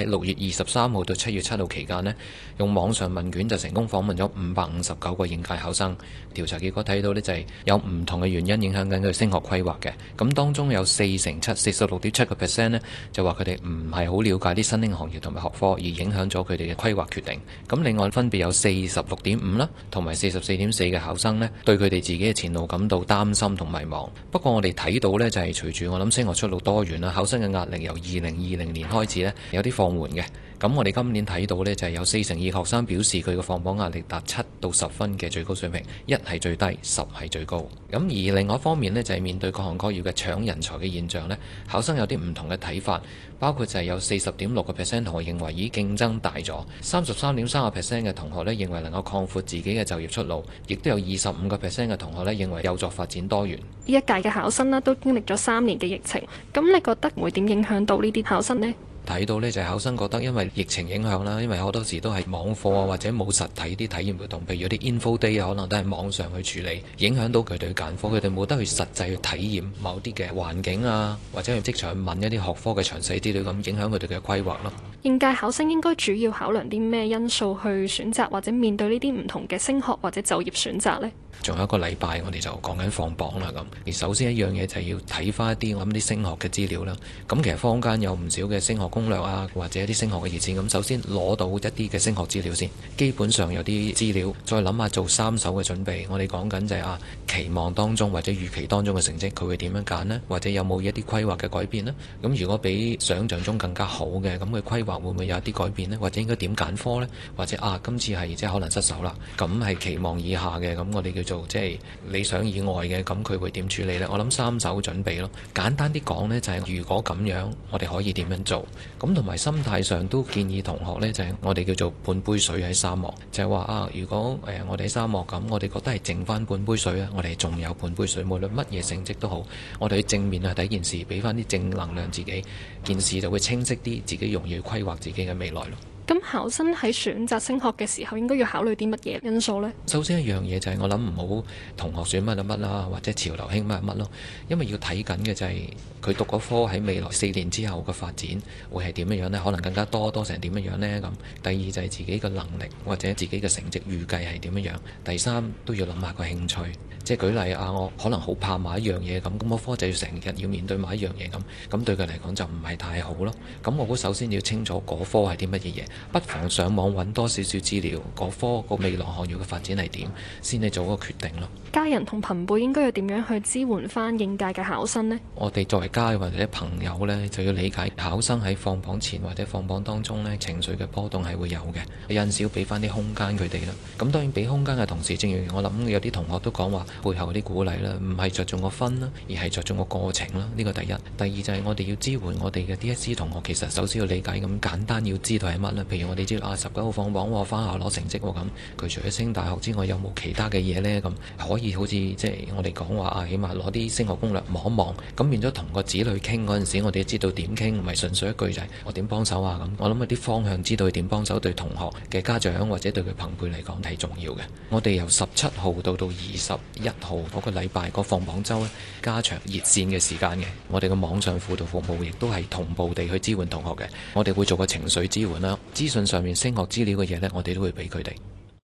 喺六月二十三號到七月七號期間呢，用網上問卷就成功訪問咗五百五十九個應屆考生。調查結果睇到呢，就係有唔同嘅原因影響緊佢升學規劃嘅。咁當中有四成七，四十六點七個 percent 呢，就話佢哋唔係好了解啲新興行業同埋學科，而影響咗佢哋嘅規劃決定。咁另外分別有四十六點五啦，同埋四十四點四嘅考生呢，對佢哋自己嘅前路感到擔心同迷茫。不過我哋睇到呢，就係隨住我諗升學出路多元啦，考生嘅壓力由二零二零年開始呢，有啲放緩嘅，咁我哋今年睇到呢，就係、是、有四成二學生表示佢嘅放榜壓力達七到十分嘅最高水平，一係最低，十係最高。咁而另外一方面呢，就係、是、面對各行各業嘅搶人才嘅現象呢，考生有啲唔同嘅睇法，包括就係有四十點六個 percent 同學認為已經競爭大咗，三十三點三個 percent 嘅同學呢，認為能夠擴闊自己嘅就業出路，亦都有二十五個 percent 嘅同學呢，認為有助發展多元。呢一屆嘅考、啊、考生呢，都經歷咗三年嘅疫情，咁你覺得會點影響到呢啲考生呢？睇到呢，就係、考生覺得，因為疫情影響啦，因為好多時都係網課啊，或者冇實體啲體驗活動，譬如有啲 info day 可能都係網上去處理，影響到佢哋揀科，佢哋冇得去實際去體驗某啲嘅環境啊，或者去職場去問一啲學科嘅詳細資料，咁影響佢哋嘅規劃咯。應屆考生應該主要考量啲咩因素去選擇或者面對呢啲唔同嘅升學或者就業選擇呢？仲有一個禮拜，我哋就講緊放榜啦咁。而首先一樣嘢就係要睇返一啲我諗啲升學嘅資料啦。咁其實坊間有唔少嘅升學攻略啊，或者一啲升學嘅熱線咁，首先攞到一啲嘅升學資料先，基本上有啲資料，再諗下做三手嘅準備。我哋講緊就係啊，期望當中或者預期當中嘅成績，佢會點樣揀呢？或者有冇一啲規劃嘅改變呢？咁如果比想象中更加好嘅，咁佢規劃會唔會有一啲改變呢？或者應該點揀科呢？或者啊，今次係，即係可能失手啦，咁係期望以下嘅，咁我哋叫做即係理想以外嘅，咁佢會點處理呢？我諗三手準備咯。簡單啲講呢，就係、是、如果咁樣，我哋可以點樣做？咁同埋心態上都建議同學呢，就係、是、我哋叫做半杯水喺沙漠，就係、是、話啊，如果誒、呃、我哋喺沙漠咁，我哋覺得係剩翻半杯水啊，我哋仲有半杯水，無論乜嘢成績都好，我哋去正面去睇件事，俾翻啲正能量自己，件事就會清晰啲，自己容易規劃自己嘅未來咯。咁考生喺選擇升學嘅時候應該要考慮啲乜嘢因素呢？首先一樣嘢就係我諗唔好同學選乜乜乜啦，或者潮流興乜乜咯。因為要睇緊嘅就係佢讀嗰科喺未來四年之後嘅發展會係點樣樣呢？可能更加多多成點樣樣呢咁。第二就係自己嘅能力或者自己嘅成績預計係點樣樣。第三都要諗下個興趣，即係舉例啊，我可能好怕買一樣嘢咁，咁我科就要成日要面對買一樣嘢咁，咁對佢嚟講就唔係太好咯。咁我估首先要清楚嗰科係啲乜嘢嘢。不妨上網揾多少少資料，嗰科個未來學業嘅發展係點，先去做個決定咯。家人同朋輩應該要點樣去支援翻應屆嘅考生呢？我哋作為家或者朋友呢，就要理解考生喺放榜前或者放榜當中呢，情緒嘅波動係會有嘅，有陣時要俾翻啲空間佢哋啦。咁當然俾空間嘅同時，正如我諗，有啲同學都講話背後嗰啲鼓勵啦，唔係着重個分啦，而係着重個過程啦。呢個第一，第二就係我哋要支援我哋嘅 DSE 同學，其實首先要理解咁簡單，要知道係乜啦。譬如我哋知道啊，十九號放榜喎，翻下攞成績喎，咁佢除咗升大學之外，有冇其他嘅嘢呢？咁可以好似即係我哋講話啊，起碼攞啲升學攻略望一望。咁變咗同個子女傾嗰陣時，我哋知道點傾，唔係純粹一句就係我點幫手啊咁。我諗啊啲方向知道點幫手，對同學嘅家長或者對佢朋輩嚟講係重要嘅。我哋由十七號到到二十一號嗰個禮拜個放榜周呢，加長熱線嘅時間嘅。我哋嘅網上輔導服務亦都係同步地去支援同學嘅。我哋會做個情緒支援啦。資訊上面升學資料嘅嘢咧，我哋都會畀佢哋。